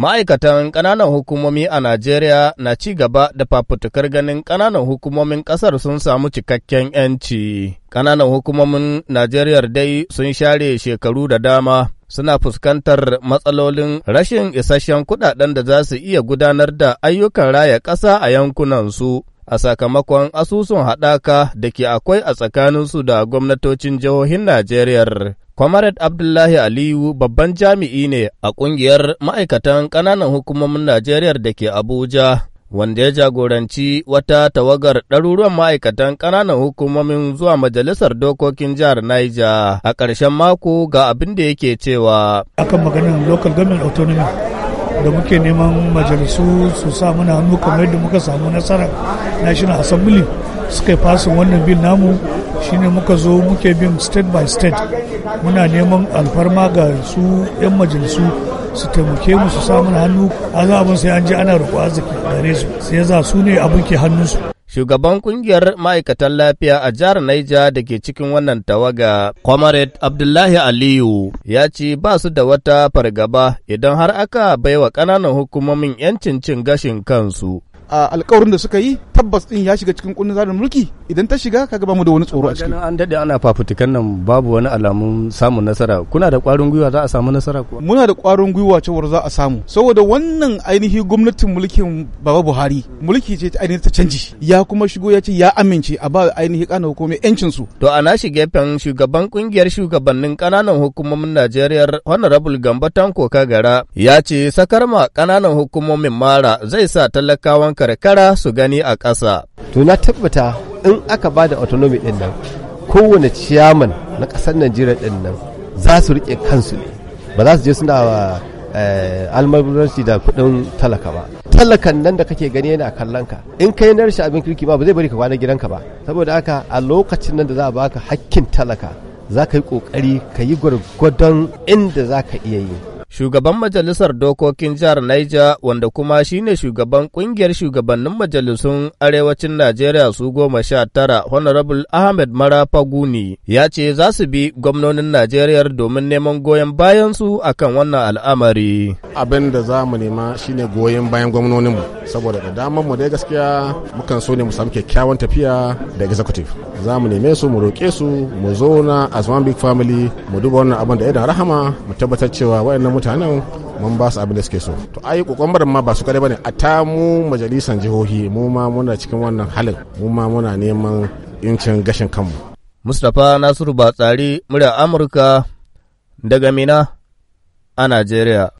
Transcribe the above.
Ma'aikatan ƙananan hukumomi a Najeriya na ci gaba da fafutukar ganin ƙananan hukumomin ƙasar sun samu cikakken 'yanci. Ƙananan hukumomin Najeriya dai sun share shekaru da dama. Suna fuskantar matsalolin rashin isasshen kuɗaɗen da za su iya gudanar da ayyukan raya ƙasa a yankunansu, a sakamakon asusun haɗaka da ke akwai a tsakaninsu da gwamnatocin jihohin Najeriya. Kwamarat Abdullahi Aliyu babban jami'i ne a ƙungiyar ma'aikatan ƙananan hukumomin Najeriya da ke Abuja, wanda ya jagoranci wata tawagar ɗaruruwan ma'aikatan ƙananan hukumomin zuwa Majalisar Dokokin Jihar Niger a ƙarshen mako ga abin da yake cewa. Akan maganin local government autonomy da muke neman majalisu su sa mana hannu kamar yadda muka samu nasara national assembly suka fasin wannan bil namu shine muka zo muke bin state by state muna neman alfarma ga su 'yan majalisu su taimake mu su samun hannu a bin sai an je ana roƙo arziki gare su sai za su ne abin ke hannunsu Shugaban kungiyar ma'aikatan lafiya a jihar Naija da ke cikin wannan tawaga, Comrade Abdullahi Aliyu, ya ce ba su da wata fargaba idan har aka baiwa ƙananan hukumomin 'yancin cin gashin kansu. A alkawarin da suka yi tabbas din ya shiga cikin kundin zarin mulki idan ta shiga kaga ba mu da wani tsoro a ciki an dade ana fafutukan nan babu wani alamun samun nasara kuna da kwarin gwiwa za a samu nasara kuwa muna da kwarin gwiwa cewa za a samu saboda wannan ainihi gwamnatin mulkin baba buhari mulki ce ainihin ta canji ya kuma shigo ya ce ya amince a ba ainihi kana hukumar yancin su to a shige gefen shugaban kungiyar shugabannin kananan hukumomin Najeriya honorable Gambo Tanko Kagara ya ce sakar ma kananan hukumomin mara zai sa talakawan karkara su gani a ƙasa. To na tabbata in aka ba da autonomy ɗin nan kowane ciyaman na ƙasar Najeriya ɗin nan za su riƙe kansu ne ba za su je suna wa eh, almabaranci da kuɗin talaka ba. Talakan nan da kake gani yana kallon ka in kai na rashin abin kirki ba ba zai bari ka kwana ka ba saboda haka a lokacin nan da za a baka hakkin talaka za ka yi ƙoƙari ka yi gwargwadon inda za ka iya yi Shugaban Majalisar Dokokin Jihar Niger wanda kuma shine shugaban ƙungiyar shugabannin majalisun Arewacin Najeriya su goma sha tara Honorable Ahmed Mara Faguni ya ce za su bi gwamnonin Najeriya domin neman goyon bayan su akan wannan al'amari. Abin da za mu nema shine goyon bayan gwamnonin mu saboda da damar mu dai gaskiya mukan so ne mu samu kyakkyawan tafiya da executive. Za mu neme su mu roƙe su mu zo na as one big family mu duba wannan abin da ya rahama mu tabbatar cewa wa'annan mutanen mun ba su abin da suke so to ai kokon barin ma ba su kare bane a ta mu majalisan jihohi mu ma muna cikin wannan halin mu ma muna neman incin gashin kanmu Mustapha Nasiru Batsari murya Amurka daga Mina a Najeriya